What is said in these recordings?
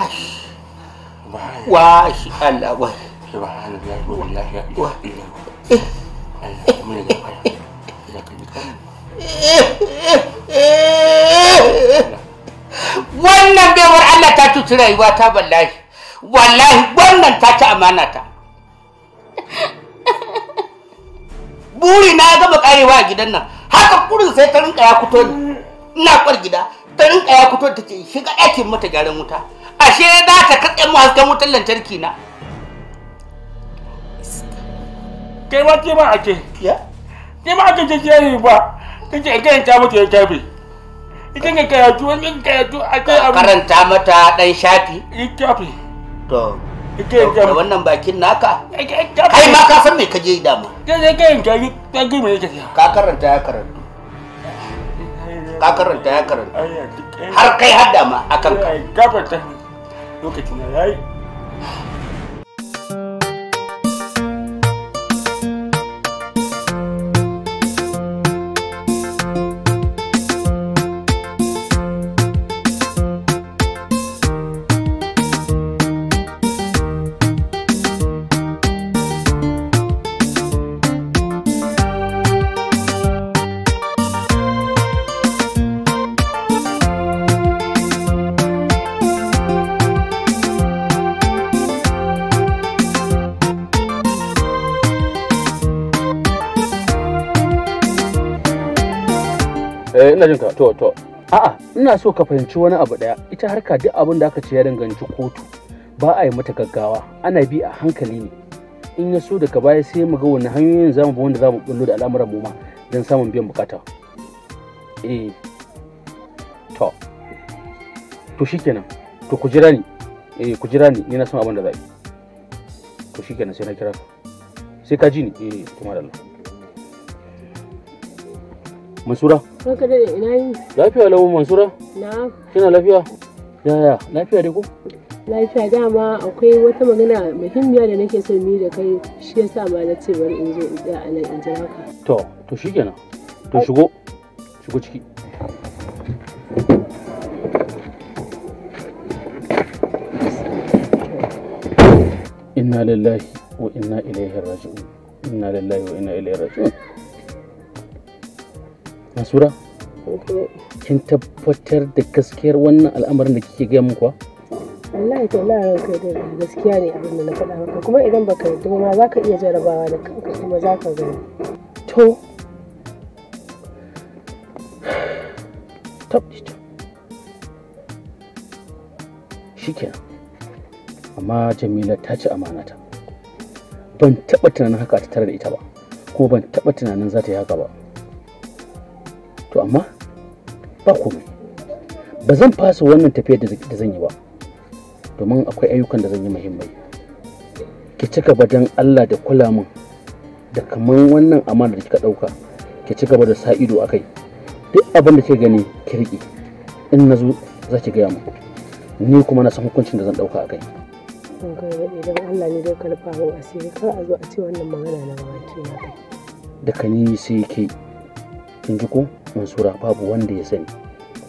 wa shi Allah wai subhanallahi Allah wannan baiwar Allah ta cuci rayuwa ta wallahi wallahi wannan ta ci amana ta buri na gaba karewa a gidan nan haka kurin sai ta rinka ya fito ina kwar gida ta rinka ya fito take shiga ɗakin mata gyaran wuta ashe za ta katse mu hasken wutar lantarki na kai ma ke ma ake ya ke ma ake ne ba kike kai ta mutu ya kabe idan ka ne tu wani ka karatu tu akai abu karanta mata dan shafi in kafi to ga wannan bakin naka kai ma ka san me ka je dama kai ne kai ta yi ta gumi ne ka karanta ya karanta ka karanta ya karanta har kai hadda ma akan ka lokaci na yayi Eh, ina jin ka to to a'a ina so ka fahimci wani abu daya ita harka duk abin da aka ce ya danganci kotu ba a yi mata gaggawa ana bi a hankali ne in ya so daga baya sai mu ga wani hanyoyin zamu bi wanda zamu bullo da al'amuran mu ma don samun biyan bukata eh to to shikenan to ku jira ni eh ku jira ni ni na san abin da zai to shikenan sai na kira ka sai ka ji ni eh to madalla Mansura? da ina yi. Lafiya lau Mansura? Na. Kina lafiya? ya ya lafiya dai ko? Lafiya dama akwai wata magana muhimmiya da nake son ni da kai shi yasa ma na ce bari in zo in ga a nan in ji haka. To, to shikenan. To shigo. Shigo ciki. Inna lillahi wa inna ilaihi raji'un. Inna lillahi wa inna ilaihi raji'un. Nasura? Kin tabbatar da gaskiyar wannan al'amarin da kike gaya muku? Wallahi to la ranka da gaskiya ne abin da na faɗa maka kuma idan baka kuma ma zaka iya jarabawa da kanka kuma zaka gani. To tabbata. Shikenan. Amma Jamila ta ci amanata. Ban taɓa tunanin haka ta tare da ita ba. Ko ban taɓa tunanin za ta yi haka ba. to amma ba komai ba zan fasa wannan tafiyar da zan yi ba domin akwai ayyukan da zan yi muhimmai ki ci gaba don allah da kula min da kamar wannan amana da kika ɗauka ki ci gaba da sa ido a kai duk abin da ke gani ki riƙe in na zo za ki gaya min ni kuma na san hukuncin da zan ɗauka a kai idan allah ne zai karfa asiri kar a zo a ce wannan magana na baki na da ka sai ke kin ji ko mansura babu wanda ya sani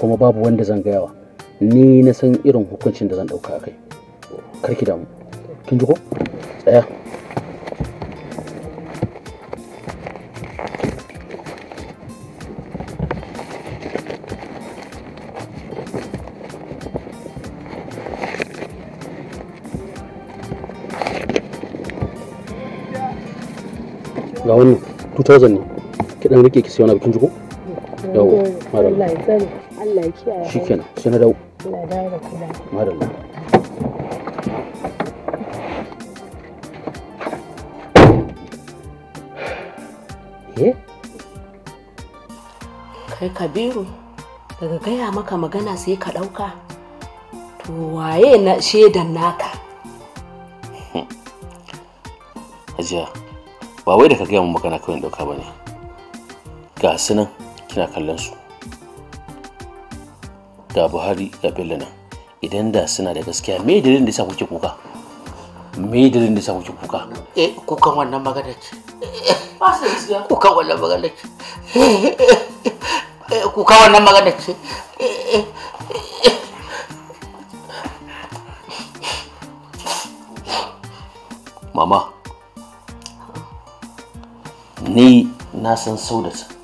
kuma babu wanda zan gayawa ni na san irin hukuncin da zan ɗauka a kai karki damu kin ji ko tsaya ga wannan 2000 ne kiɗan rike ki sai wani bikin jiko yawo madalla Allah ya kiyaye shikenan sai na dawo Allah ya dawo da kula Eh? kai kabiru daga gaya maka magana sai ka ɗauka to waye na shaidan naka hajiya ba wai da ka gaya mu magana kawai ɗauka ba ne ga su nan kina kallon su ga buhari ga bello nan idan da suna da gaskiya me dalilin da yasa kuke kuka me dalilin da yasa kuke kuka eh kukan wannan magana ce ba su gaskiya kukan wannan magana ce eh, kukan wannan magana ce mama ni na san sau da su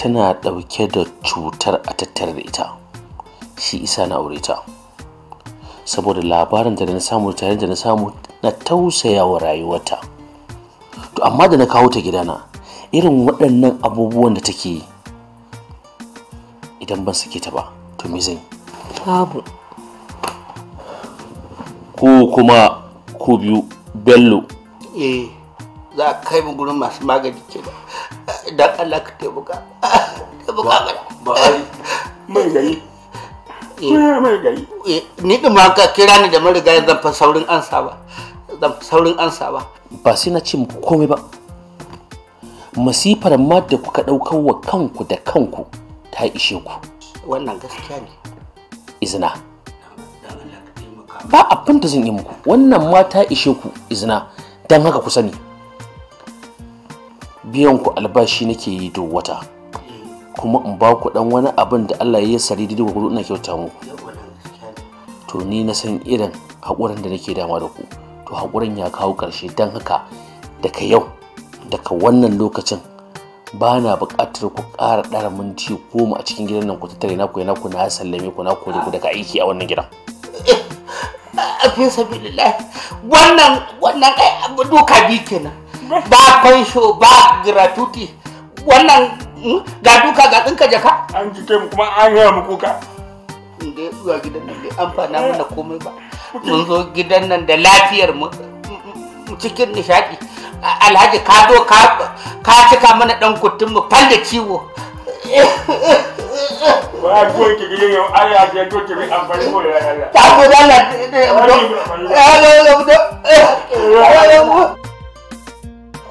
tana ɗauke da cutar a tattare da ita shi isa na aure ta saboda labarin da na samu tare da na samu na tausaya wa rayuwarta to amma da na kawo ta gidana irin waɗannan abubuwan da take yi idan ban sake ta ba to me zan babu ko kuma ko biyu bello eh za a kai mu gurin masu magani kenan idan Allah ka taimaka taimaka mana bahari mai gari eh. mai gari eh, ni din ma ka kira ni da marigayi zan fa saurin ansa ba zan fa saurin ansa ba ba sai na ce muku komai ba masifar ma da kuka ɗaukar wa kanku da kanku ta ishe ku wannan gaskiya ne izina ba abin da zan yi muku wannan ma ta ishe ku izina don haka ku sani biyan ku albashi nake yi duk wata kuma in ba ku dan wani abin da Allah ya sari da gudu ina kyauta muku to ni na san irin haƙurin da nake dama da ku to haƙurin ya kawo karshe dan haka daga yau daga wannan lokacin ba na buƙatar ku ƙara ɗara minti goma a cikin gidan nan ku tattare ku ya ku na sallame ku na kore ku daga aiki a wannan gidan eh, a fi sabilillah wannan wannan ai abu doka bi kenan ba fansho ba gratuity wannan ga duka ga tsinka jaka an ji mu kuma an yi mu kuka inda zuwa gidan nan bai amfana mana komai ba mun zo gidan nan da lafiyar mu cikin nishadi alhaji ka zo ka cika mana dan kutun mu fal ciwo ba ko ki ga yau ai a je to ki bi amfani ko ya Allah ta go da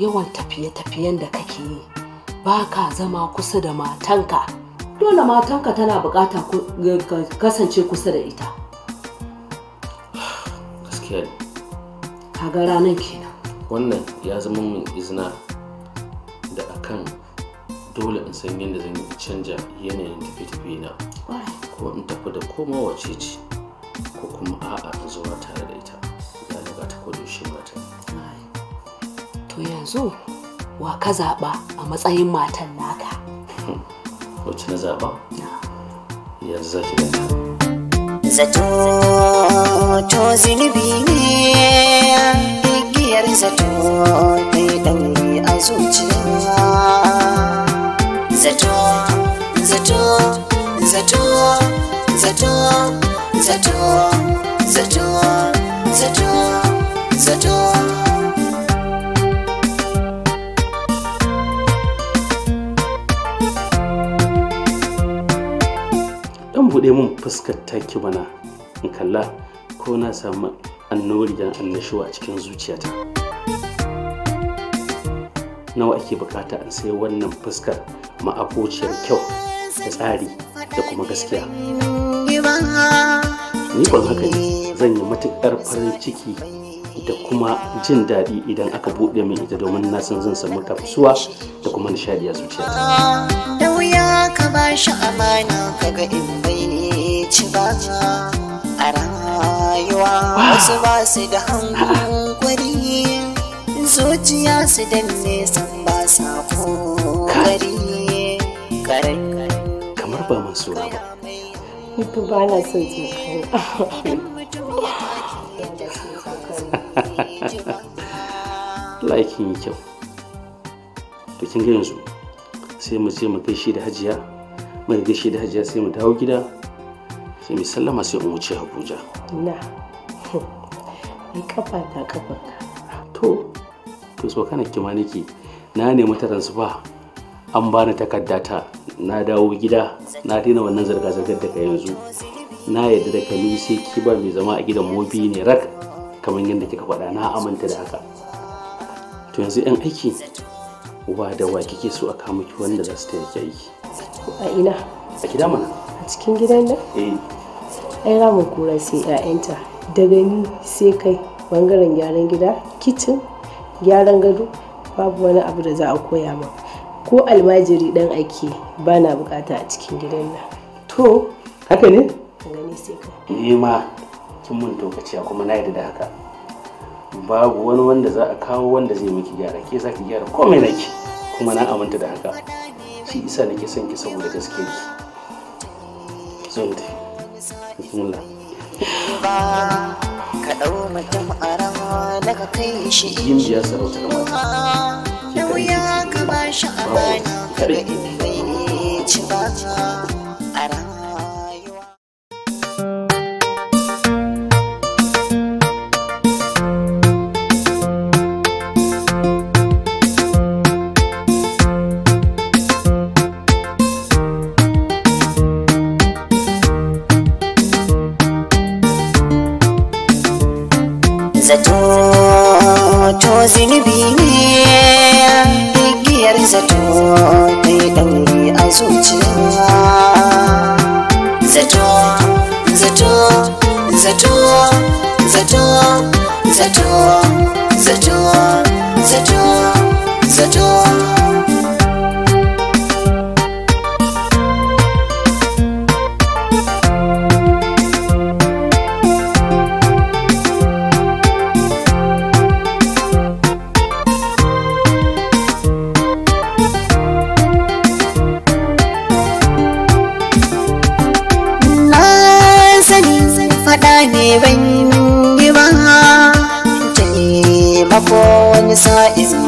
yawan tafiye-tafiyen da kake yi ba ka zama kusa da matanka dole matanka tana ka kasance kusa da ita gaskiya nan ranar kenan wannan ya zama min izina da akan dole in san yadda zan yi canja yanayin tafiye-tafiye na ko in tafi da komawa ce ce ko kuma a'a zuwa tare yanzu wa ka zaɓa a matsayin matan naka Wace na zaɓa yanzu za ki zato to zunubi ne igiyar zato kai ɗauri a zuciya zato zato zato zato zato zato zato zato zato buɗe mun fuskar taki bana in kalla ko na samu annori da annashuwa a cikin zuciyata nawa ake bukata in sai wannan fuskar ma'abociyar kyau da tsari da kuma gaskiya ni kwan haka ne zan yi matuƙar farin ciki da kuma jin daɗi idan aka buɗe min ita domin na san zan samu tafsuwa da kuma nishaɗi a zuciyata ka ba shi amana kaga in bai ci ba a rayuwa wasu ba su da hangun kwari zuciya su da nesan ba sa kokari karen kamar ba masu ba ba na son Laikin yi kyau. sai mu je mu gaishe da hajiya kai gaishe da hajiya sai mu dawo gida sai mu sallama sai mu wuce abuja na ni kafa ta kafa to to so kana kima nake na nemi taransifa an bani takarda ta na dawo gida na daina wannan zirga-zirgar daga yanzu na yadda da kani sai ki ba mai zama a gidan mobi ne rak kamar yadda kika faɗa na aminta da haka to yanzu 'yan aiki uba da wa kike so a kawo miki wanda za su taimake aiki a ina a gida mana a cikin gidan nan eh ai ramu kura sai 'ya'yanta daga ni sai kai bangaren gyaran gida kicin gyaran gado babu wani abu da za a koya ma ko almajiri dan ake ba na bukata a cikin gidan nan to haka ne gani sai kai eh ma kin mun tokaci kuma na yarda da haka babu wani wanda za a kawo wanda zai miki gyara ke za ki gyara komai naki kuma na aminta da haka shi isa nake son ki saboda gaske ki zo mu bismillah ka dau mutum a rawa ka kai shi yin biya sarauta da mata da wuya ka ba shi amana ka ne ci ba ta zato zato zato zato zato zato zato zato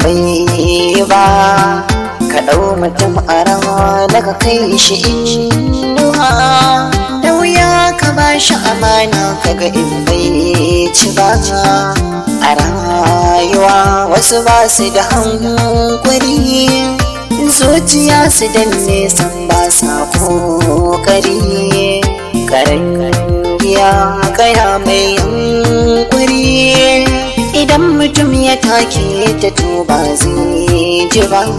bai ba ka ɗau mutum a rawa daga kai shi inuwa. da wuya ka ba shi amana kaga in bai ci ba a rayuwa wasu ba su da hankuri zuciya su danne san ba sa kokari karen giya kaya mai yankuri idan mutum ya take ta to ba zai ji ba